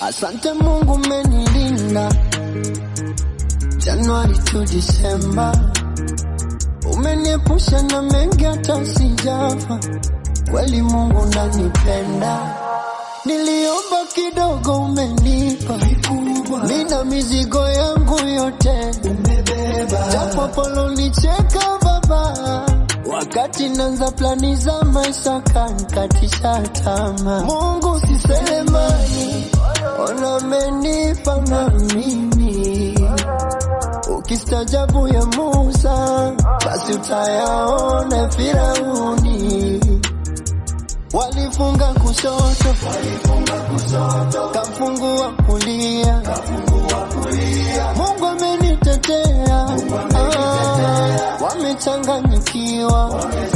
Asante Mungu umenilinda Januari to Disemba, umeniepusha na mengi hata sijafa. Kweli Mungu unanipenda, niliomba kidogo umenipa mikubwa, mina mizigo yangu yote umebeba, japo polonicheka baba wakati nanza plani za maisha kankatisha tama. Mungu sisema kunipa na mimi. Ukistajabu ya Musa, basi utayaona Firauni. Walifunga kushoto, kafungua kulia, Mungu amenitetea, ah, wamechanganyikiwa